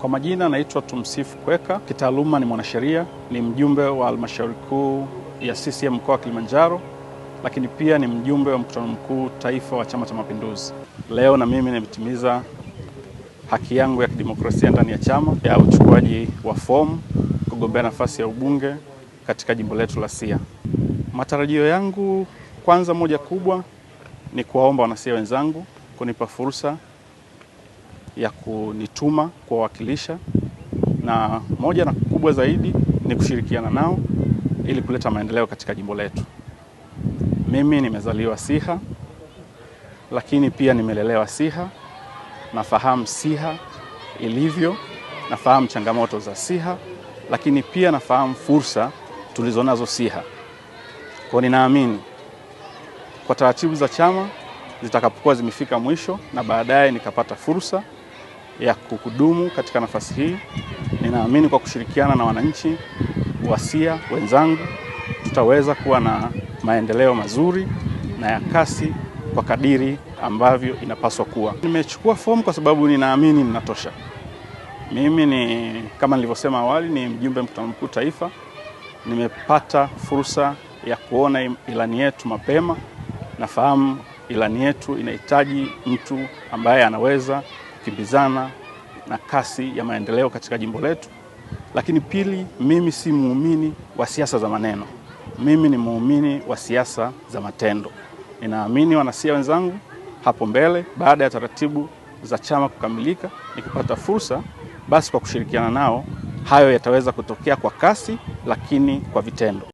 Kwa majina naitwa Tumsifu Kweka, kitaaluma ni mwanasheria, ni mjumbe wa halmashauri kuu ya CCM mkoa wa Kilimanjaro, lakini pia ni mjumbe wa mkutano mkuu taifa wa Chama cha Mapinduzi. Leo na mimi nimetimiza haki yangu ya kidemokrasia ndani ya chama ya uchukuaji wa fomu kugombea nafasi ya ubunge katika jimbo letu la Siha. Matarajio yangu kwanza, moja kubwa ni kuwaomba wanasia wenzangu kunipa fursa ya kunituma kuwawakilisha, na moja na kubwa zaidi ni kushirikiana nao ili kuleta maendeleo katika jimbo letu. Mimi nimezaliwa Siha, lakini pia nimelelewa Siha. Nafahamu Siha ilivyo, nafahamu changamoto za Siha, lakini pia nafahamu fursa tulizonazo Siha. Kwa ninaamini kwa taratibu za chama zitakapokuwa zimefika mwisho na baadaye nikapata fursa ya kukudumu katika nafasi hii. Ninaamini kwa kushirikiana na wananchi wasia wenzangu, tutaweza kuwa na maendeleo mazuri na ya kasi kwa kadiri ambavyo inapaswa kuwa. Nimechukua fomu kwa sababu ninaamini ninatosha. Mimi ni kama nilivyosema awali, ni mjumbe mkutano mkuu taifa. Nimepata fursa ya kuona ilani yetu mapema. Nafahamu ilani yetu inahitaji mtu ambaye anaweza kukimbizana na kasi ya maendeleo katika jimbo letu. Lakini pili, mimi si muumini wa siasa za maneno, mimi ni muumini wa siasa za matendo. Ninaamini wanasiasa wenzangu, hapo mbele, baada ya taratibu za chama kukamilika, nikipata fursa, basi kwa kushirikiana nao hayo yataweza kutokea kwa kasi, lakini kwa vitendo.